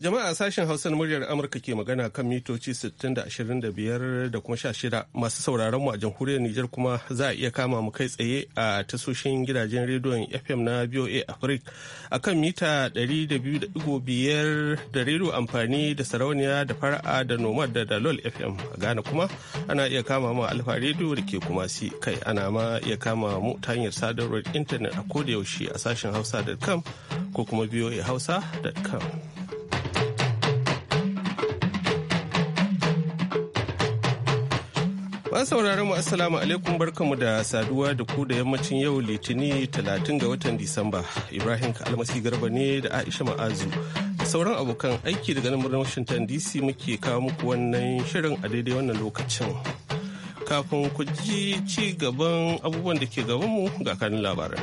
Jama'a sashen Hausa na muryar Amurka ke magana kan mitoci 60-25 da kuma 16 masu sauraron mu a jamhuriyar Nijar kuma za a iya kama mu kai tsaye a tasoshin gidajen rediyon FM na BOA Africa a kan mita 200.5 da rediyo amfani da sarauniya da fara'a da nomad da dalol FM a Ghana kuma ana iya kama mu alfa rediyo da ke kuma si kai ana ma iya kama mu ta hanyar sadarwar intanet a kodayaushe a sashen hausa.com ko kuma boa hausa.com. Ba sauraron mu assalamu alaikum barkamu da saduwa da ku da yammacin yau litini 30 ga watan Disamba. Ibrahim Almasi Garba ne da Aisha Ma'azu. Sauran abokan aiki daga nan birnin Washington DC muke kawo muku wannan shirin a daidai wannan lokacin. Kafin ku ji ci gaban abubuwan da ke gabanmu ga kanin labaran.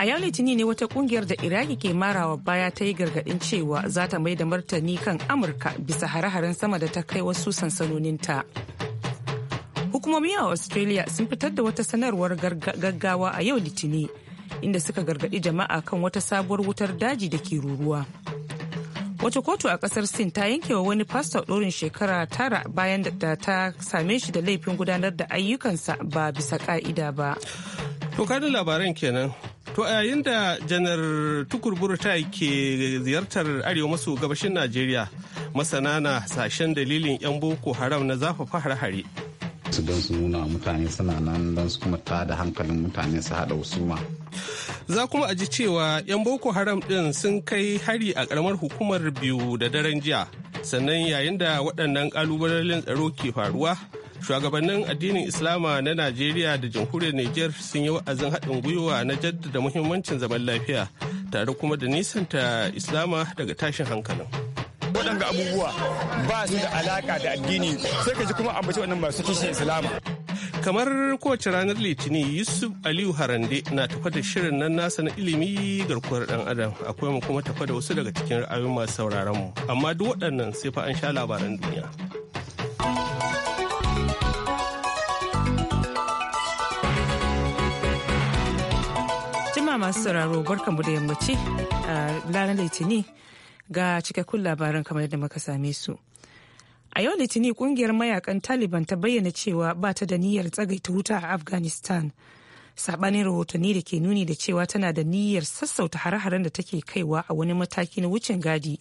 A yau Litini ne wata kungiyar da Iraki ke marawa baya ta yi gargadin cewa za ta mai da martani kan Amurka bisa hare-haren sama da ta kai wasu sansanoninta. hukumomi a australia sun fitar da wata sanarwar gaggawa a yau litini inda suka gargaɗi jama'a kan wata sabuwar wutar daji da ke ruruwa wata kotu a kasar sin ta yankewa wani fasta ɗorin shekara tara bayan da ta same shi da laifin gudanar da ayyukansa ba bisa ka'ida ba to da labaran kenan To a yayin da janar tukurburu ta ke ziyartar arewa maso gabashin Najeriya, masana na sashen dalilin 'yan boko haram na zafafa har-hare su don su nuna mutane suna nan don su kuma da hankalin mutane su wasu ma. Za kuma a ji cewa 'yan Boko Haram din sun kai hari a karamar hukumar biyu da daren jiya. Sannan yayin da waɗannan ƙalubalen tsaro ke faruwa, shugabannin addinin Islama na Najeriya da jamhuriyar niger sun yi wa'azin haɗin gwiwa na jaddada muhimmancin zaman lafiya, tare kuma da nisanta Islama daga tashin hankalin. waɗanga abubuwa ba su da alaka da addini sai ka ji kuma ambaci wannan masu kishin islama kamar kowace ranar litinin yusuf aliyu harande na tafa da shirin nan nasa na ilimi garkuwar dan adam akwai mu kuma tafa da wasu daga cikin ra'ayoyin masu sauraron mu amma duk waɗannan sai fa an sha labaran duniya jima masu sauraro barkanmu da yammaci ranar litinin ga cikakkun labaran kamar da muka same su. A yau Litinin kungiyar mayakan Taliban ta bayyana cewa ba ta da niyyar tsagaita wuta a Afghanistan. Sabanin rahotanni da ke nuni da cewa tana da niyyar sassauta hare-haren da take kaiwa a wani mataki na wucin gadi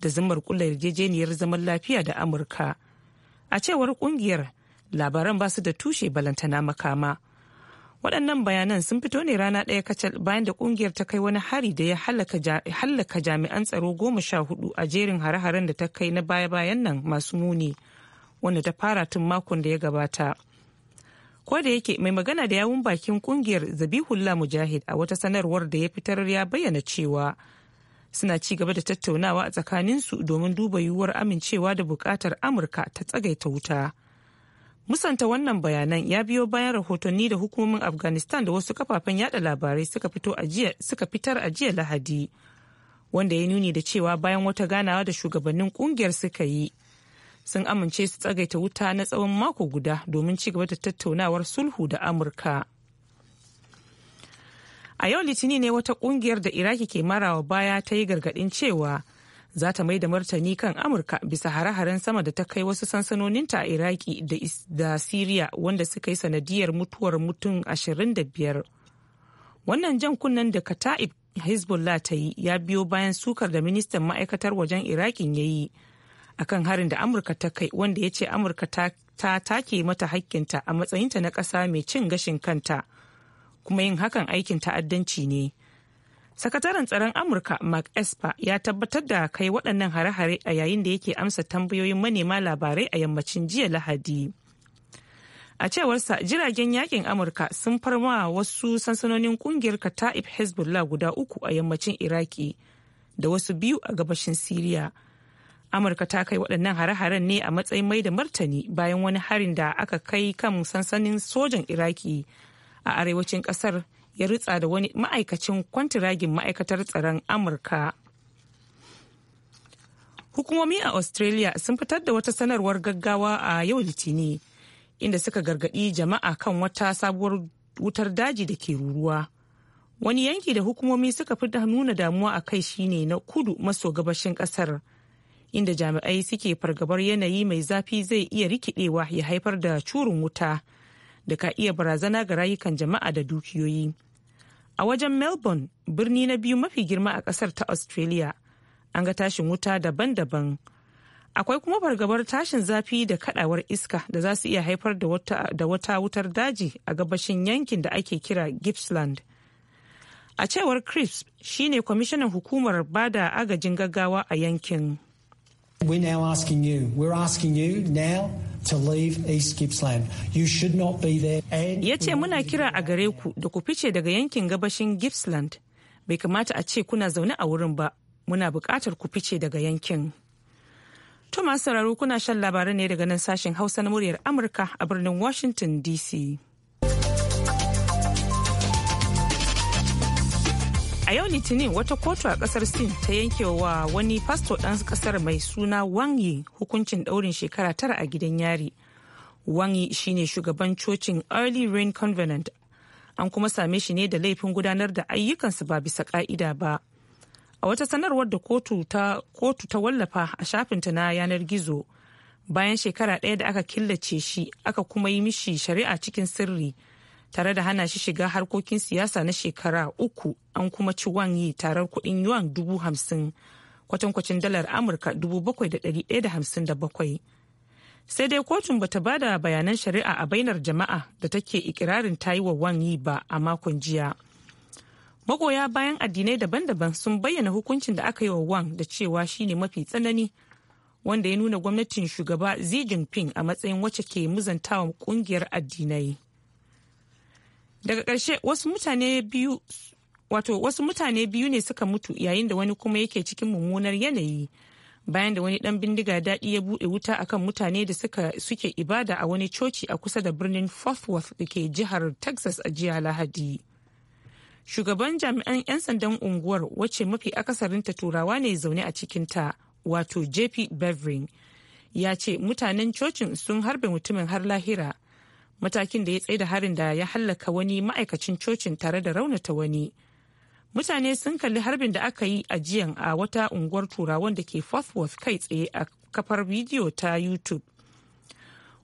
da zumar kula yarjejeniyar zaman lafiya da Amurka. A cewar kungiyar labaran ba su da tushe balantana makama. waɗannan bayanan sun fito ne rana ɗaya kacal bayan da ƙungiyar ta kai wani hari da ya hallaka jami'an tsaro goma sha hudu a jerin hare-haren da ta kai na baya-bayan nan masu muni wanda ta fara tun makon da ya gabata ko da yake mai magana da yawun bakin ƙungiyar zabihullah mujahid a wata sanarwar da ya fitar ya bayyana cewa suna ci gaba da tattaunawa a tsakaninsu domin duba yiwuwar amincewa da buƙatar amurka ta tsagaita wuta. musanta wannan bayanan ya biyo bayan rahotanni da hukumomin afghanistan da wasu kafafen yada labarai suka fitar a jiya lahadi wanda ya nuni da cewa bayan wata ganawa da shugabannin kungiyar suka yi sun amince su tsagaita wuta na tsawon mako guda domin ci gaba da tattaunawar sulhu da amurka a yau litinin ne wata kungiyar da iraki ke marawa baya ta yi gargadin cewa za ta mai da martani kan amurka bisa hare-haren sama da ta kai wasu sansanoninta a iraki da siriya wanda suka yi sanadiyar mutuwar mutum 25 wannan jan kunnen da kata'ib hezbollah ta yi ya biyo bayan sukar da ministan ma'aikatar wajen irakin ya yi akan harin da amurka ta kai wanda ya ce amurka ta take mata hakkinta a matsayinta na ƙasa mai cin gashin kanta kuma yin hakan aikin ta'addanci ne sakataren tsaron amurka mark esper ya tabbatar da kai waɗannan hare-hare a yayin da yake amsa tambayoyin manema labarai a yammacin jiya lahadi a cewarsa jiragen yakin amurka sun farma wasu sansanonin kungiyar kata'ib hezbollah guda uku a yammacin iraki da wasu biyu a gabashin siriya amurka ta kai waɗannan hare-haren ne a matsayin mai da martani bayan wani harin da aka kai kan sansanin sojan iraki a arewacin ƙasar ya ritsa da wani ma'aikacin kwantiragin ma'aikatar tsaron amurka hukumomi a australia sun fitar da wata sanarwar gaggawa a yau litini inda suka gargadi jama'a kan wata sabuwar wutar daji da ke ruruwa wani yanki da hukumomi suka fi nuna damuwa a kai shine na kudu maso gabashin kasar inda jami'ai suke fargabar yanayi mai zafi zai iya rikidewa ya haifar da curin wuta da ka iya barazana ga rayukan jama'a da dukiyoyi a wajen melbourne birni na biyu mafi girma a kasar ta australia an ga tashin wuta daban-daban akwai kuma fargabar tashin zafi da kadawar iska da za su iya haifar da wata wutar daji a gabashin yankin da ake kira gippsland a cewar crisp shine kwamishinan hukumar bada agajin gaggawa a yankin to leave East Gippsland. You should not be there. Ya ce muna kira a gare ku da ku fice daga yankin gabashin Gippsland. Bai kamata a ce kuna zaune a wurin ba. Muna buƙatar ku fice daga yankin. To masu sauraro kuna shan labarai ne daga nan sashen Hausa na muryar Amurka a birnin Washington DC. a yau litinin wata kotu a kasar sin ta yankewa wani fasto ɗan kasar mai suna wang hukuncin ɗaurin shekara tara a gidan yari wang shine shugaban cocin early rain convenant an kuma same shi ne da laifin gudanar da ayyukansu ba bisa ka'ida ba a wata sanarwar da kotu ta wallafa a shafinta na yanar gizo bayan shekara ɗaya da aka killace shi aka kuma yi mishi shari'a cikin sirri tare da hana shi shiga harkokin siyasa na shekara uku an kuma ci wanyi tarar kuɗin yuan dubu hamsin kwatankwacin dalar amurka dubu bakwai da ɗari ɗaya da hamsin da bakwai sai dai kotun bata ba da bayanan shari'a a bainar jama'a da take ikirarin ta yi wa wanyi ba a makon jiya magoya bayan addinai daban-daban sun bayyana hukuncin da aka yi wa wan da cewa shine mafi tsanani wanda ya nuna gwamnatin shugaba xi jinping a matsayin wacce ke muzantawa kungiyar addinai daga ƙarshe wasu mutane biyu wato wasu mutane biyu ne suka mutu yayin da wani kuma yake cikin mummunar yanayi bayan da wani ɗan bindiga daɗi ya buɗe wuta akan mutane da suka suke ibada a wani coci a kusa da birnin fort worth da ke jihar texas a jiya lahadi shugaban jami'an 'yan sandan unguwar wacce mafi akasarinta turawa ne zaune a cikinta wato jp bevering ya ce mutanen cocin sun harbe mutumin har lahira matakin da ya da harin da ya hallaka wani ma'aikacin cocin tare da raunata wani mutane sun kalli harbin da aka yi a jiyan a wata unguwar turawan da ke Forthworth kai tsaye a kafar bidiyo ta YouTube.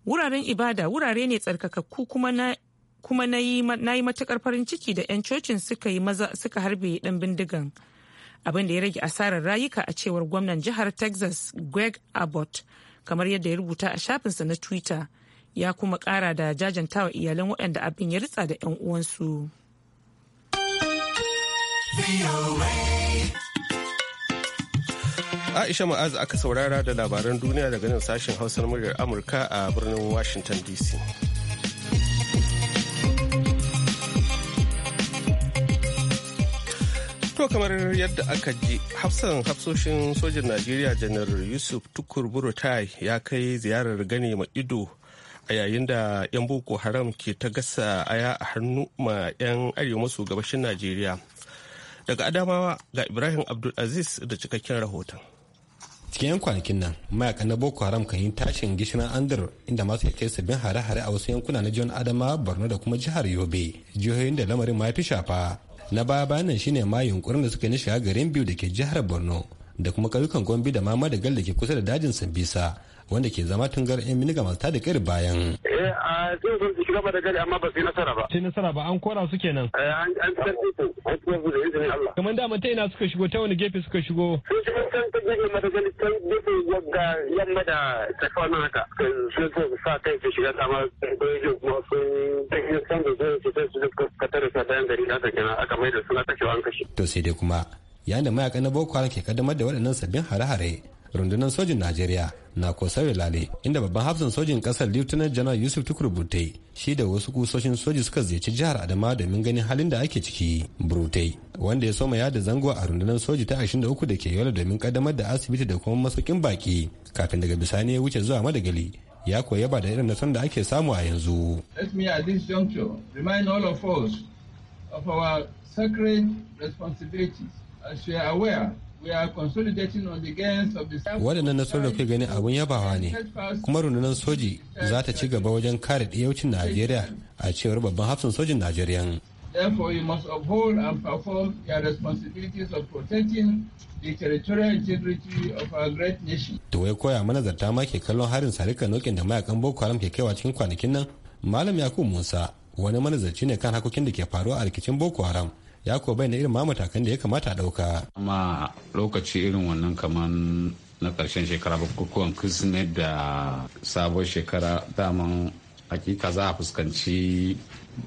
Wuraren ibada wurare ne tsarkakakku kuma na kuma yi matukar farin ciki da 'yan cocin suka yi maza suka harbe dan bindigan abin da ya rage asarar rayuka a cewar gwamnan jihar texas greg abbott kamar yadda ya rubuta a shafinsa na twitter ya kuma kara da jajantawa iyalan waɗanda abin ya ritsa da 'yan uwansu. Aisha Ma'az aka saurara da labaran duniya daga nan sashen hausar muryar Amurka a birnin Washington DC. To kamar yadda aka ji hafsan hafsoshin sojin Najeriya janar Yusuf Tukur Burutai ya kai ziyarar gane ma ido a yayin da 'yan boko haram ke ta gasa aya a hannu ma 'yan arewa maso gabashin najeriya daga adamawa ga ibrahim abdulaziz da cikakken rahoton cikin 'yan kwanakin nan mayaka na boko haram kan yi tashin gishirin andar inda masu kai sabbin hare-hare a wasu yankuna na john adama borno da kuma jihar yobe jihohin da lamarin ma fi shafa na baya bayan nan shine ma yunkurin da suka yi na shiga garin biyu da ke jihar borno da kuma ƙauyukan gombe da mama da gal da ke kusa da dajin sambisa wanda ke zama tungar 'yan miniga masu tada kiri bayan. Eh a sun sun ci gaba da gari amma ba su yi nasara ba. Sai nasara ba an kora su kenan. Eh, an an san iko an kuma su da izinin Allah. Kamar da ta ina suka shigo ta wani gefe suka shigo. Sun shigo kan ta mata madagali kan gefe ga yamma da ta nan haka. Sun so sa kai su shiga kama kwaikwaikwai kuma sun tafiya kan da zai su sai su ka tare sa bayan gari na ta kenan aka mai da suna kashewa an kashe. To sai dai kuma yayin da mayaka na Boko Haram ke kaddamar da waɗannan sabbin hare-hare rundunar sojin najeriya na kosawe lale inda babban hafsan sojin kasar lieutenant general yusuf tukur burtai shi da wasu kusoshin soji suka ziyarci jihar adama domin ganin halin da ake ciki burtai wanda ya soma yada zango a rundunar soji ta 23 da ke yola domin kaddamar da asibiti da kuma masaukin baki kafin daga bisani ya wuce zuwa madagali ya koya ba da irin nasan da ake samu a yanzu. Let me at this juncture remind all of us of our sacred responsibilities as we are aware waɗannan nasarar da kai gani abun yabawa ne kuma rundunar soji za ta ci gaba wajen kare ɗiyaucin najeriya a cewar babban hafsan sojin najeriya Therefore, wai koya manazarta ma ke kallon harin sarika nokin da mayakan Boko Haram ke kaiwa cikin kwanakin nan? Malam Yakubu Musa wani manazarci ne kan hakokin da ke faruwa a rikicin Boko Haram ya ko bayyana irin ma matakan da ya kamata a ɗauka. amma lokaci irin wannan kaman na karshen shekara bukukuwan kirsimet da sabon shekara daman hakika za a fuskanci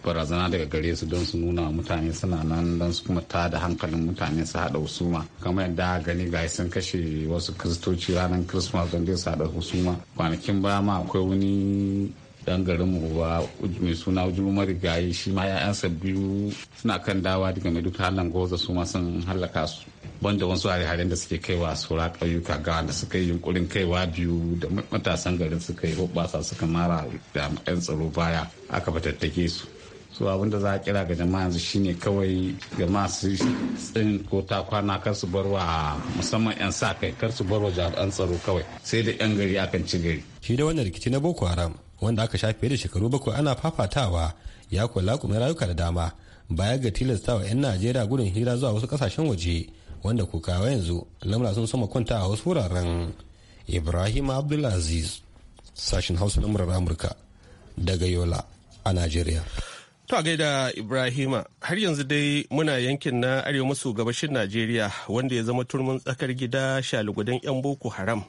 barazana daga gare su don su nuna mutane suna nan don su kuma ta da hankalin mutane su haɗa husuma kamar yadda gani ga sun kashe wasu kristoci ranar christmas don dai su haɗa husuma kwanakin baya ma akwai wani dan garin mu ba mai suna ujuru marigayi shi ma ya'yansa biyu suna kan dawa daga mai duka halin goza su ma sun hallaka su banda wasu hare-haren da suke kaiwa sura ƙauyuka ga da suka yi yunkurin kaiwa biyu da matasan garin suka yi hoɓasa suka mara da 'yan tsaro baya aka fatattake su su abin da za a kira ga jama'a yanzu shine kawai ga masu tsin ko ta kwana kar su bar musamman 'yan sa kai kar su bar jami'an tsaro kawai sai da 'yan gari akan ci gari shi da wannan rikici na boko haram wanda aka shafe da shekaru bakwai ana fafatawa ya kula kuma rayuka da dama baya ga tilastawa 'yan najeriya gudun hira zuwa wasu kasashen waje wanda kukawa yanzu lamura sun sama kwanta a wasu wuraren ibrahim abdulaziz sashen hausa na murar amurka daga yola a najeriya To a gaida Ibrahima, har yanzu dai muna yankin na arewa maso gabashin Najeriya wanda ya zama turmin tsakar gida shalugudan 'yan Boko Haram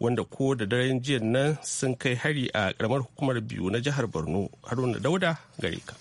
wanda ko da daren jiya nan sun kai hari a karamar hukumar biyu na jihar borno haruna dauda gare ka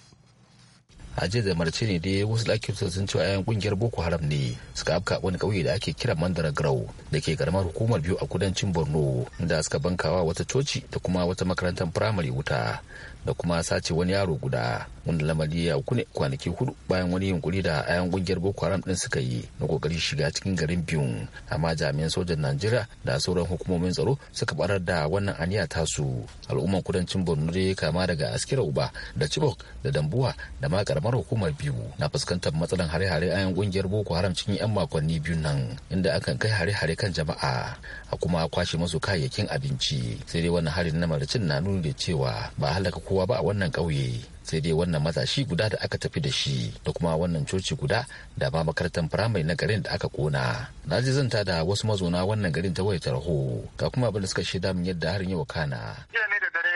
a jiya da marce ne dai wasu lakirta sun ce ayan kungiyar boko haram ne suka afka wani kauye da ake kira mandara grau da ke karamar hukumar biyu a kudancin borno da suka bankawa wata coci da kuma wata makarantar firamare wuta da kuma sace wani yaro guda wanda lamari ya uku ne kwanaki hudu bayan wani yunkuri da ayan kungiyar boko haram din suka yi na kokarin shiga cikin garin biyun amma jami'an sojan najeriya da sauran hukumomin tsaro suka barar da wannan aniya tasu al'umman kudancin borno dai kama daga askira uba da chibok da dambuwa da ma karamar hukumar biyu na fuskantar matsalan hare-hare ayan kungiyar boko haram cikin yan makonni biyu nan inda akan kai hare-hare kan jama'a a kuma kwashe masu kayayyakin abinci sai dai wannan harin na maricin na nuni da cewa ba halaka ko kowa ba a wannan ƙauye sai dai wannan matashi guda da aka tafi da shi da kuma wannan coci guda da ma makarantar firamare na garin da aka kona na ji zanta da wasu mazauna wannan garin ta wayar tarho ga kuma abin da suka shaida min yadda harin yau kana jiya ne da dare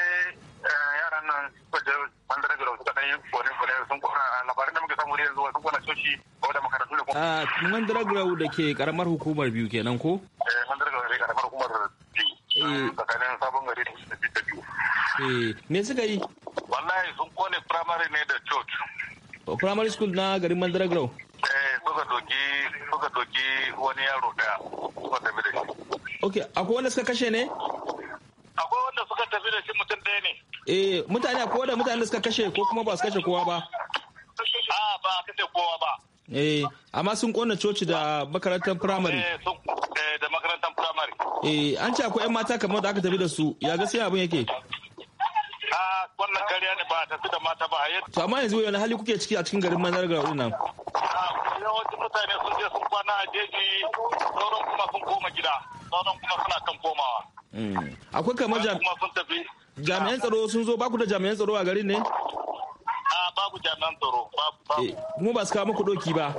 eh, yaran nan da daga suka dan yi kone-kone sun kona labarin da muke samu da yanzu sun kona coci ko da makarantu da kuma. a ah, mandaragorau da ke karamar hukumar biyu kenan ko. Eh, da ke karamar hukumar Eh. tsakanin sabon gari da biyu. Eh, me suka yi? Wallahi sun kone primary ne da church. Oh, primary school na garin Mandaragro? Eh suka doki suka doki wani yaro daya suka tafi da shi. Ok, akwai wanda suka kashe ne? Akwai wanda suka tafi da shi mutum ɗaya ne. Eh mutane akwai wanda mutane suka kashe ko kuma ba su kashe kowa ba? Ah, a ba kashe kowa ba. Eh amma sun kona coci da makarantar primary. Eh, eh an ce akwai 'yan mata kamar da aka tafi da su ya ga sai abin yake wannan kariya ne ba tafi da mata ba a to amma yanzu wani hali kuke ciki a cikin garin manar ga nan yawancin mutane sun je sun kwana a jeji sauran kuma sun koma gida sauran kuma suna kan komawa mm. akwai kamar jami'an tsaro sun zo baku da jami'an tsaro a garin ne babu jami'an tsaro babu eh, kuma ba su kawo muku doki ba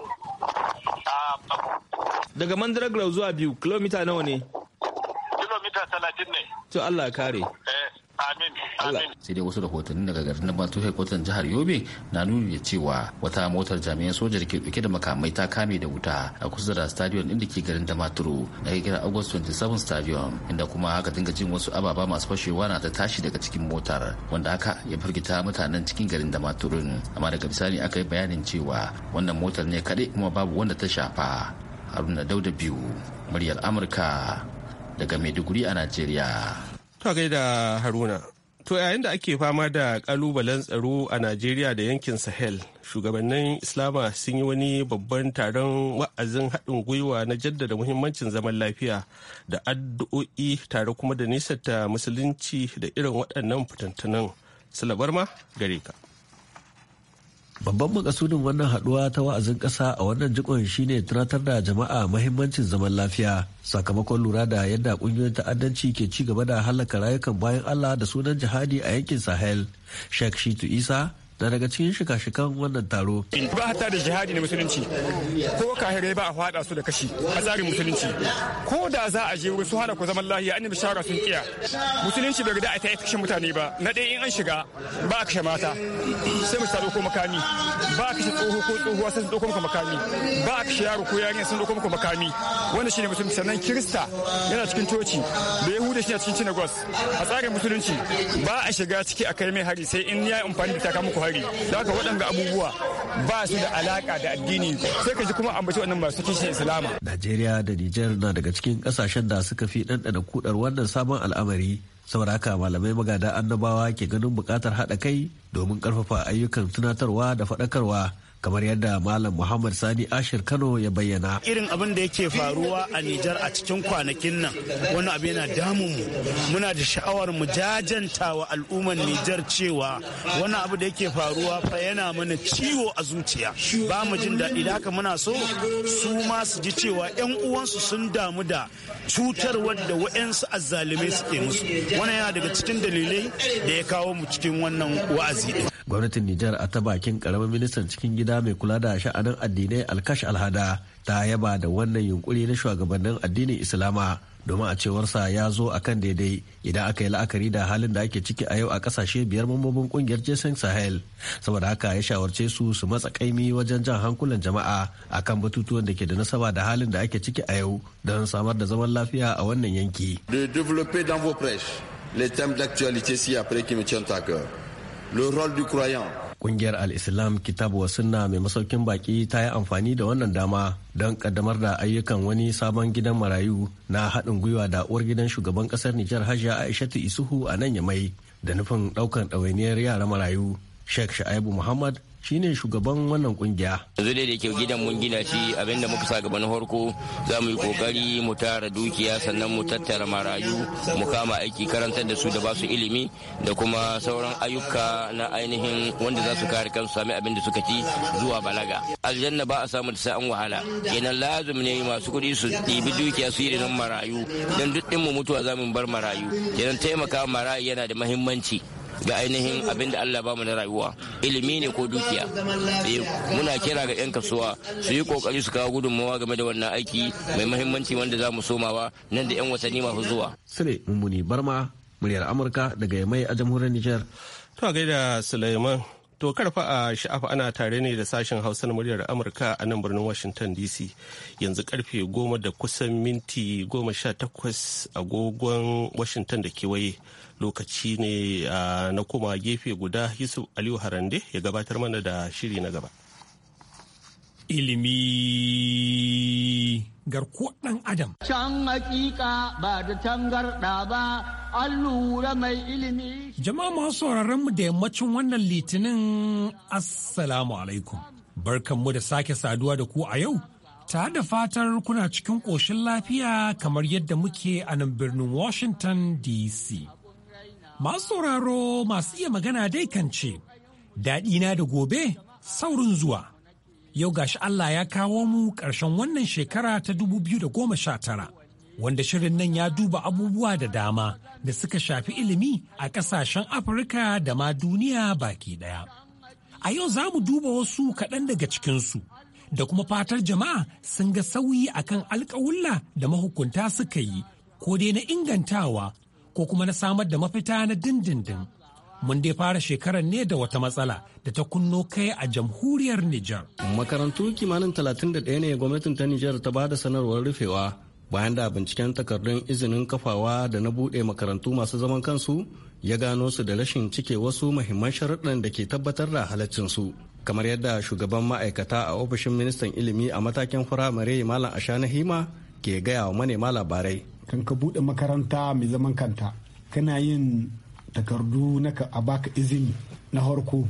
daga mandarar zuwa biyu kilomita nawa ne talatin ne to Allah kare eh, Sai dai wasu rahotanni daga garin na Bantu Headquarters jihar Yobe na nuna da cewa wata motar jami'an sojar ke dauke da makamai ta kame da wuta a kusa da stadion inda ke garin Damaturu na ke kira August 27 stadium inda kuma aka dinga jin wasu ababa masu fashewa na ta tashi daga cikin motar wanda haka ya firgita mutanen cikin garin Damaturun amma daga bisani aka yi bayanin cewa wannan motar ne kaɗai kuma babu wanda ta shafa. Haruna Dauda biyu muryar Amurka daga Maiduguri a Najeriya. To da Haruna. To yayin da ake fama da kalubalen tsaro a Najeriya da yankin Sahel, shugabannin Islama sun yi wani babban taron wa'azin haɗin gwiwa na jaddada muhimmancin zaman lafiya da addu'o'i tare kuma da nisanta musulunci da irin waɗannan fitantunan. Salabar ma gare ka. Babban makasudin wannan haduwa ta wa'azin ƙasa a wannan jikon shine tunatar da jama'a mahimmancin zaman lafiya sakamakon lura da yadda ƙungiyoyin ta'addanci ke ci gaba da halaka rayukan bayan Allah da sunan jihadi a yankin Sahel. Sheikh Shitu Isa na daga cikin shiga shiga wannan taro. Ba hatta da jihadi na musulunci ko kahirai ba a fada su da kashi a tsarin musulunci ko da za a je su hana ku zaman lahiya annabi shara sun kiya musulunci bai da a ta kashe mutane ba na ɗaya in an shiga ba a kashe mata sai mu tsaro ɗauko makami ba a kashe tsoho ko tsohuwa sai su ɗauko maka makami ba a kashe yaro ko yarinya sun ɗauko maka makami wanda shine musulunci sannan kirista yana cikin coci da da shi a cikin cinagos a tsarin musulunci ba a shiga ciki a kai mai hari sai in ya amfani da taka muku hari da haka waɗanga abubuwa ba su da alaka da addini sai ka ji kuma ambaci wannan masu kishin islama. Najeriya da Nijar na daga cikin kasashen da suka fi ɗanɗana kudar wannan sabon al'amari sauraka malamai magada annabawa ke ganin buƙatar haɗa kai domin ƙarfafa ayyukan tunatarwa da faɗakarwa kamar yadda malam muhammad sani ashir kano ya bayyana irin abin da yake faruwa a nijar a cikin kwanakin nan wani abu yana damun mu muna da sha'awar mu jajanta wa al'ummar nijar cewa wani abu da yake faruwa fa yana mana ciwo a zuciya ba mu jin daɗi da haka muna so su ma su ji cewa 'yan uwansu sun damu da cutar wadda wa'yansu azzalumai suke musu wannan yana daga cikin dalilai da ya kawo mu cikin wannan wa'azi gwamnatin nijar a ta bakin ƙaramin ministan cikin gida gida mai kula da sha'anin addinai alkash alhada ta yaba da wannan yunkuri na shugabannin addinin islama domin a cewarsa ya zo a kan daidai idan aka yi la'akari da halin da ake ciki a yau a kasashe biyar mambobin kungiyar jason sahel saboda haka ya shawarce su su matsa kaimi wajen jan hankulan jama'a a kan batutuwan da ke da nasaba da halin da ake ciki a yau don samar da zaman lafiya a wannan yanki. de développer d'actualité après qui me à cœur le rôle du croyant Kungiyar Al-Islam Kitab wa Sunna mai masaukin baki ta yi amfani da wannan dama don kaddamar da ayyukan wani sabon gidan marayu na haɗin gwiwa da uwar gidan shugaban ƙasar Nijar Hajiya Aishatu Isuhu a nan ya mai da nufin ɗaukar ɗawainiyar yara marayu Sheikh Sha'ibu Muhammad shine shugaban wannan kungiya. yanzu dai da kyau gidan mun gina shi abinda muka sa gaban harko za mu yi kokari mu tara dukiya sannan mu tattara marayu mu kama aiki karantar da su da basu ilimi da kuma sauran ayyuka na ainihin wanda za su kare kansu sami abin da suka ci zuwa balaga aljanna ba a samu da sa'an wahala kenan lazim ne masu kuɗi su ɗibi dukiya su yi da marayu don duk ɗin mu mutuwa za mu bar marayu kenan taimaka marayu yana da mahimmanci ga ainihin abin da Allah ba mu na rayuwa ilimi ne ko dukiya eh, muna kira ga 'yan kasuwa su yi kokari su kawo gudunmawa game da wannan aiki mai mahimmanci wanda za mu somawa nan da 'yan watanni masu zuwa. Sule Mummuni Barma muryar Amurka daga Yamai a jamhuriyar Nijar. To gaida Suleiman To karfa a sha'afa ana tare ne da sashen Hausa na muryar Amurka a nan birnin Washington DC. Yanzu karfe goma da kusan minti goma sha takwas agogon Washington da kewaye. Lokaci ne ah, na koma gefe guda Yusuf Aliyu Harande ya gabatar mana da shiri na gaba. ilimi garkuwar ɗan adam. Can hakika ba da tangarɗa ba, an lura mai ilimi. Jama'a masu sauraron mu da yammacin wannan litinin Assalamu alaikum. Barkanmu da sake saduwa da ku a yau, ta da fatar kuna cikin ƙoshin lafiya kamar yadda muke a nan birnin Washington DC. Masu sauraro masu iya magana dai kan ce, daɗina da gobe saurin zuwa. yau gashi Allah ya kawo mu ƙarshen wannan shekara ta dubu biyu da goma sha tara, wanda shirin nan ya duba abubuwa da dama da suka shafi ilimi a ƙasashen Afirka da ma duniya baki ɗaya. A yau za mu duba wasu kaɗan daga cikinsu da kuma fatar jama'a sun ga sauyi akan alƙawulla da mahukunta suka yi ko dai na ingantawa ko kuma na samar da mafita na dindindin mun dai fara shekarar ne da wata matsala da ta kunno kai a jamhuriyar Nijar. Makarantu kimanin 31 ne gwamnatin ta Nijar ta ba da sanarwar rufewa bayan da binciken takardun izinin kafawa da na buɗe makarantu masu zaman kansu ya gano su da rashin cike wasu mahimman sharuɗan da ke tabbatar da halaccinsu. Kamar yadda shugaban ma'aikata a ofishin ministan ilimi a matakin firamare Malam Ashana Hima ke gaya wa manema labarai. Kan ka buɗe makaranta mai zaman kanta, kana yin takardu na ka a baka izini na harko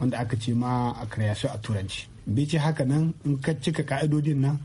wanda aka ce ma a karyashe a turanci bai ce haka nan in ka cika ka'idodin nan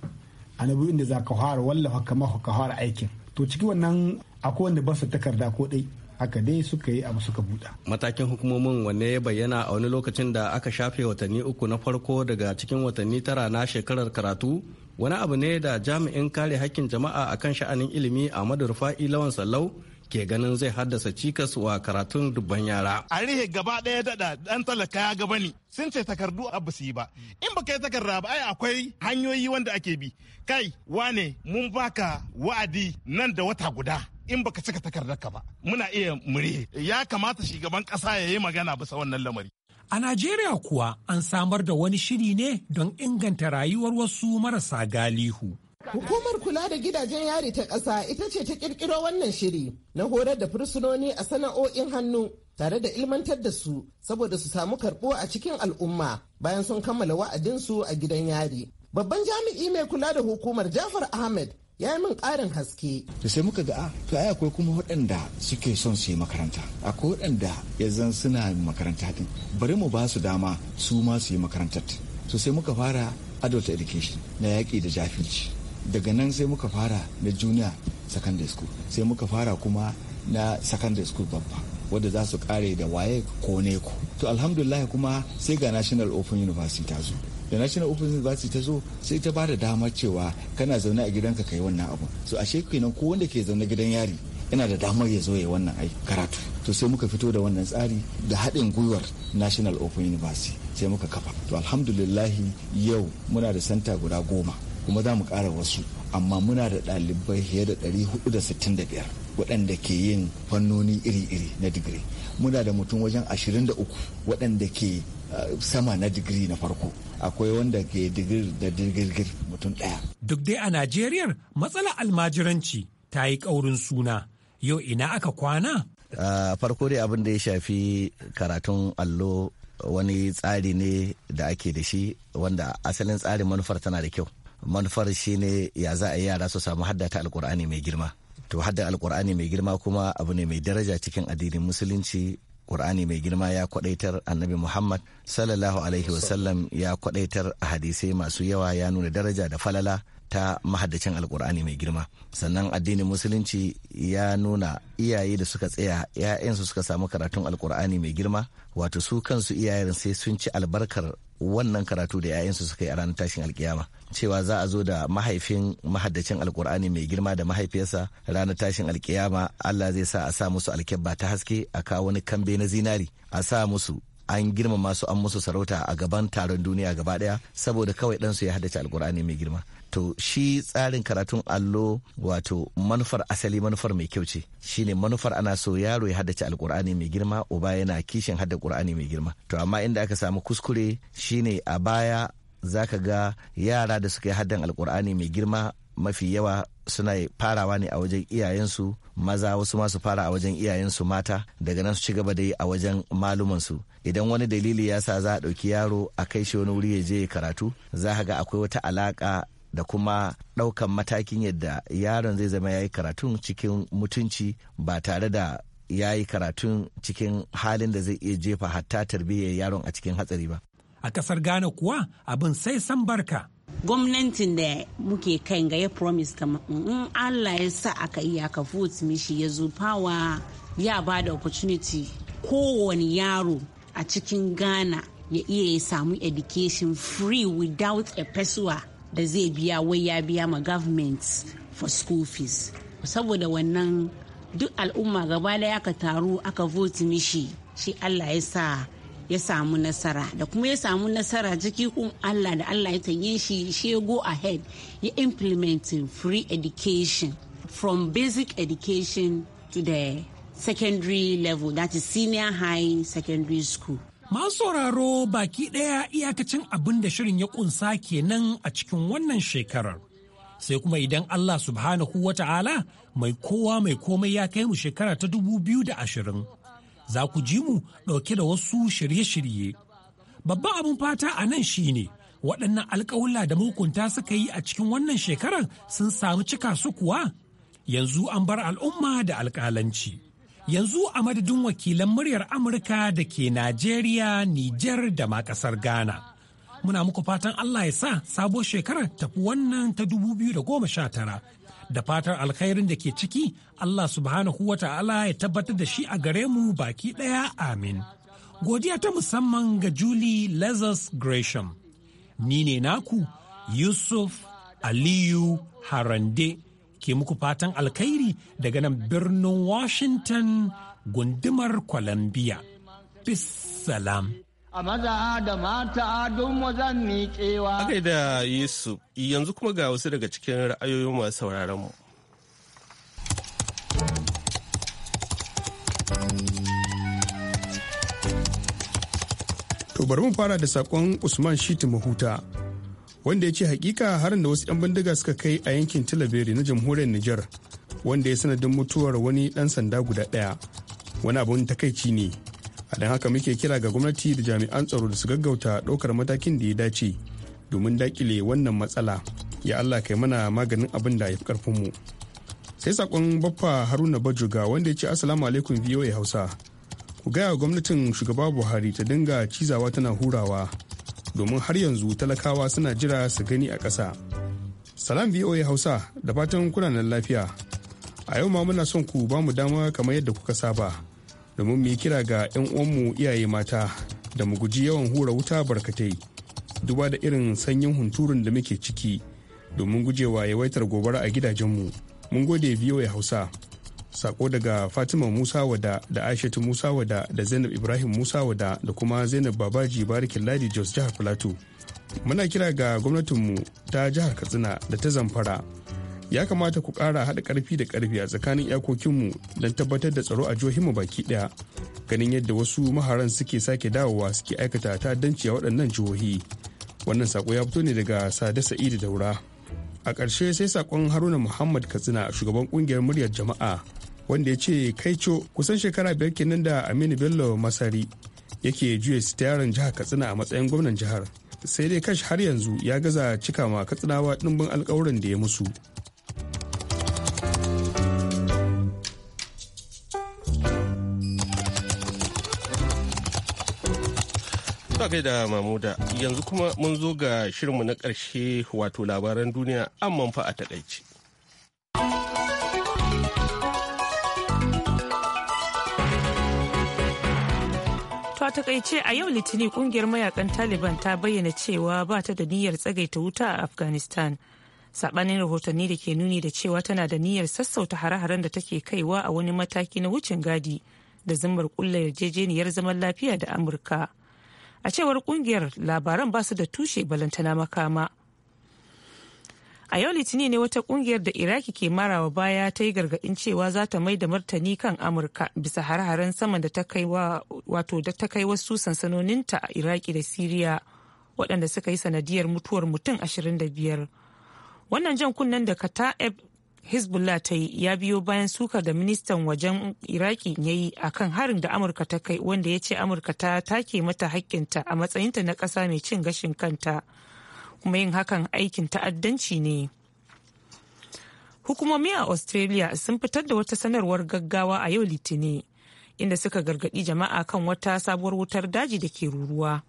na inda za ka fara wallafa kama ka fara aikin to ciki wannan akwai wanda su takarda ko dai haka dai suka yi abu suka buɗa. matakin hukumomin wanne ya bayyana a wani lokacin da aka shafe watanni uku na farko daga cikin watanni tara na shekarar karatu wani abu ne da jami'in kare hakkin jama'a akan sha'anin ilimi a madurfa'i lawan sallau ke ganin zai haddasa cikas wa karatun dubban yara. A rihe gaba ɗaya daɗa ɗan talaka ya gaba ne sun ce takardu a basu yi ba. In baka yi takarda ba ai akwai hanyoyi wanda ake bi. Kai wane mun baka wa'adi nan da wata guda. in baka cika takardarka ba muna iya mure ya kamata shugaban ƙasa ya yi magana bisa wannan lamari a najeriya kuwa an samar da wani shiri ne don inganta rayuwar wasu marasa galihu Hukumar kula da gidajen yari ta ƙasa ita ce ta ƙirƙiro wannan shiri na horar da fursunoni a sana'o'in hannu tare da ilmantar da su saboda su samu karɓo a cikin al'umma bayan sun kammala wa'adinsu a gidan yari. Babban jami'i mai kula da hukumar Jafar Ahmed ya yi min ƙarin haske. To sai muka ga a ah, to ai akwai kuma waɗanda suke son su yi makaranta akwai waɗanda ya zan suna makaranta din bari mu ba su dama su ma su yi makarantar. To sai muka fara adult education na yaƙi da jafilci. daga nan sai muka fara na junior secondary school sai muka fara kuma na secondary school babba wadda za su kare da waye ko neko to alhamdulillah kuma sai ga national open university ta zo da national open university ta zo sai ta bada damar cewa kana zaune a gidanka kai wannan abu so a kenan ko wanda ke zaune gidan yari yana da damar ya zo ya wannan karatu to sai muka fito da wannan tsari da haɗin gwiwar national open university sai muka kafa to alhamdulillahi yau muna da santa guda goma kuma za mu ƙara wasu amma muna da ɗalibai fiye da 465 waɗanda ke yin fannoni iri-iri na digiri muna da mutum wajen 23 waɗanda ke uh, sama na digiri na farko akwai wanda ke digir da digirgir mutum ɗaya. duk dai a najeriyar matsalar almajiranci ta yi ƙaurin suna yau ina aka kwana uh, farko dai abin da ya shafi karatun allo wani tsari ne da ake da shi wanda asalin tsarin manufar tana da kyau manufar shine ya za a yi yara su samu ta alkur'ani mai girma to hadda alkur'ani mai girma kuma abu ne mai daraja cikin addinin musulunci Qur'ani mai girma ya kwadaitar annabi Muhammad sallallahu alaihi wasallam ya kwadaitar a hadisai masu yawa ya nuna daraja da falala ta mahaddacin alkur'ani mai girma sannan addinin musulunci ya nuna iyaye da suka tsaya ‘ya'yansu suka samu karatun alkur'ani mai girma wato su kansu iyayen sai sun ci albarkar wannan karatu da 'ya'yansu suka yi a ranar tashin alkiyama cewa za a zo da mahaifin mahaddacin alkur'ani mai girma da mahaifiyarsa ranar tashin alkiyama allah zai sa a sa musu alkyabba ta haske a kawo wani kambe na zinari a sa musu an girmama su an musu sarauta a gaban taron duniya gaba daya saboda kawai ɗansu ya haddace alkur'ani mai girma to shi tsarin karatun allo wato manufar asali manufar mai kyau ce shine manufar ana so yaro ya haddace alkur'ani mai girma uba yana kishin hadda kurani mai girma to amma inda aka samu kuskure shine a baya zaka ga yara da suka yi haddan alkur'ani mai girma mafi yawa suna farawa ne a wajen iyayensu maza wasu ma su fara a wajen iyayensu mata daga nan su ci gaba dai a wajen malumansu idan wani dalili ya sa za a ɗauki yaro a kai shi wani wuri ya je karatu za ga akwai wata alaka da kuma ɗaukan matakin yadda yaron zai zama ya yi karatun cikin mutunci ba tare da ya yi karatun cikin halin da zai iya jefa hatta tarbiyyar yaron a cikin hatsari ba. A kasar Ghana kuwa abin sai san barka. gwamnatin da muke kai ga ya promise ka mm, in Allah ya sa aka iya ka vote mishi ya zufawa ya ba da opportunity kowane yaro a cikin Ghana ya iya ya samu education free without a pesuwa da zai biya wai ya biya ma government for school fees saboda wannan duk al'umma gaba ya aka taru aka vote mishi shi allah ya sa ya samu nasara da kuma ya samu nasara ciki kun allah da allah ya tanye shi shi ya go ahead ya implementing free education from basic education to the secondary level that is senior high secondary school Masu sauraro baki ɗaya iyakacin abin da shirin ya ƙunsa kenan a cikin wannan shekarar. Sai kuma idan Allah subhanahu wa ta'ala mai kowa mai komai ya kai mu shekara ta dubu biyu da ashirin. Za ku ji mu ɗauke da wasu shirye-shirye. Babban abin fata a nan shi ne waɗannan alƙawulla da mukunta suka yi a cikin wannan shekarar sun samu cika su kuwa yanzu an bar al'umma da alƙalanci. yanzu a madadin wakilan muryar Amurka da ke Najeriya, Nijar da ma kasar Ghana. Muna muku fatan Allah ya sa sabo shekarar tafi wannan ta dubu biyu da goma sha tara. Da fatar alkhairin da ke ciki Allah subhanahu wa ta'ala ya tabbatar da shi a gare mu baki ɗaya amin. Godiya ta musamman ga Julie Lazarus Gresham. Ni ne naku Yusuf Aliyu Harande. ke muku fatan alkhairi daga nan birnin Washington gundumar Columbia. Bissalam. A maza da mata don zan miƙewa. Akai da Yusuf, yanzu kuma ga wasu daga cikin ra'ayoyin masu sauraron mu. To bari mu fara da sakon Usman shiti Mahuta wanda ya ce hakika harin da wasu 'yan bindiga suka kai a yankin tilaberi na jamhuriyar niger wanda ya sanadin mutuwar wani dan sanda guda daya wani abun takaici ne a dan haka muke kira ga gwamnati da jami'an tsaro da su gaggauta ɗaukar matakin da ya dace domin dakile wannan matsala ya allah kai mana maganin abin da ya fi mu sai sakon baffa haruna bajuga wanda ya ce assalamu alaikum voa hausa ku gaya gwamnatin shugaba buhari ta dinga cizawa tana hurawa domin har yanzu talakawa suna jira su gani a ƙasa. Salam VOA Hausa da fatan kuna nan lafiya. A yau ma muna son ku ba mu dama kamar yadda kuka saba domin mu yi kira ga 'yan uwanmu iyaye mata da mu guji yawan hura wuta barkatai duba da irin sanyin hunturun da muke ciki domin gujewa yawaitar gobara a gidajenmu. Mun gode VOA Hausa. sako daga fatima musa wada da aishatu musa wada da zainab ibrahim musa wada da kuma zainab babaji barikin ladi jos jihar plateau muna kira ga gwamnatinmu ta jihar katsina da ta zamfara ya kamata ku ƙara haɗa ƙarfi da ƙarfi a tsakanin iyakokinmu don tabbatar da tsaro a jihohinmu baki ɗaya ganin yadda wasu maharan suke sake dawowa suke aikata danci a waɗannan jihohi wannan sako ya fito ne daga sada sa'idu daura a ƙarshe sai saƙon haruna muhammad katsina shugaban ƙungiyar muryar jama'a wanda ya ce kai co kusan shekara biyar kenan da aminu bello masari yake juya sitayaran jihar katsina a matsayin gwamnan jihar sai dai kash har yanzu ya gaza cika ma katsinawa ɗimbin alkawuran da ya musu kai da mamuda yanzu kuma mun zo ga shirinmu na ƙarshe wato labaran duniya amma fa a takaici. a takaice a yau litini kungiyar mayakan Taliban ta bayyana cewa ba ta da niyyar tsagaita wuta a Afghanistan. Sabanin rahotanni da ke nuni da cewa tana da niyyar sassauta hare-haren da take kaiwa a wani mataki na wucin gadi da zumbar kulla yarjejeniyar zaman lafiya da Amurka. A cewar kungiyar labaran ba su da tushe balantana makama. a yau litini ne wata kungiyar da iraki ke marawa baya ta yi gargadin cewa za ta mai da martani kan amurka bisa har-haren saman da ta kai wasu sansanoninta a iraki da siriya waɗanda suka yi sanadiyar mutuwar mutum 25 wannan jan kunnen da kata'eb hezbollah ta yi ya biyo bayan sukar da ministan wajen iraki ya yi a kan harin da amurka ta kai wanda ya ce amurka ta take mata haƙƙinta a matsayinta na ƙasa mai cin gashin kanta kuma yin hakan aikin ta'addanci ne hukumomi a australia sun fitar da wata sanarwar gaggawa a yau litinin inda suka gargaɗi jama'a kan wata sabuwar wutar daji da ke ruruwa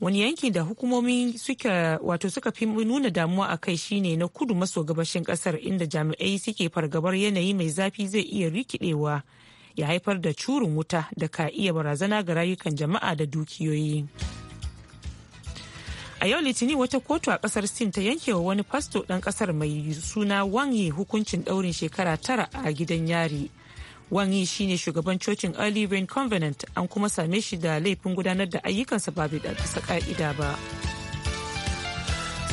wani yanki da hukumomi suka wato suka fi nuna damuwa a kai shine na kudu maso gabashin kasar inda jami'ai suke fargabar yanayi mai zafi zai iya rikidewa ya haifar da curin wuta da ka iya barazana ga rayukan jama'a da dukiyoyi. a yau litinin wata kotu a kasar sin ta wa wani fasto ɗan kasar mai suna wangi hukuncin ɗaurin shekara tara a gidan yari wangi shine shugaban cocin early rain covenant an kuma same shi da laifin gudanar da ayyukansa ba bisa ka'ida ba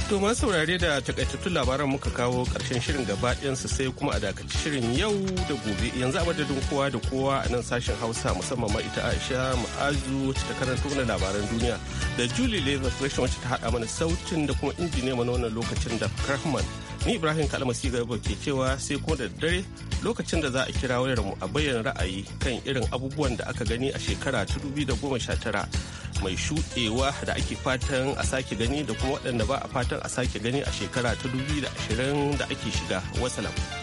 To masu saurare da takaitattun labaran muka kawo karshen shirin gaba su sai kuma a dakaci shirin yau da gobe yanzu a madadin kowa da kowa a nan sashen hausa musamman ma ita aisha ma'azu ta karanta mana labaran duniya da julie laser creation wacce ta haɗa mana sautin da kuma injiniya mana wannan lokacin da krahman ni ibrahim kalamasi gaba ke cewa sai kuma da dare lokacin da za a kira wayar mu a bayyana ra'ayi kan irin abubuwan da aka gani a shekara ta 2019 mai shuɗewa da ake fatan a sake gani da kuma waɗanda ba a fatan a sake gani a shekara ta 2020 da ake shiga wasalam.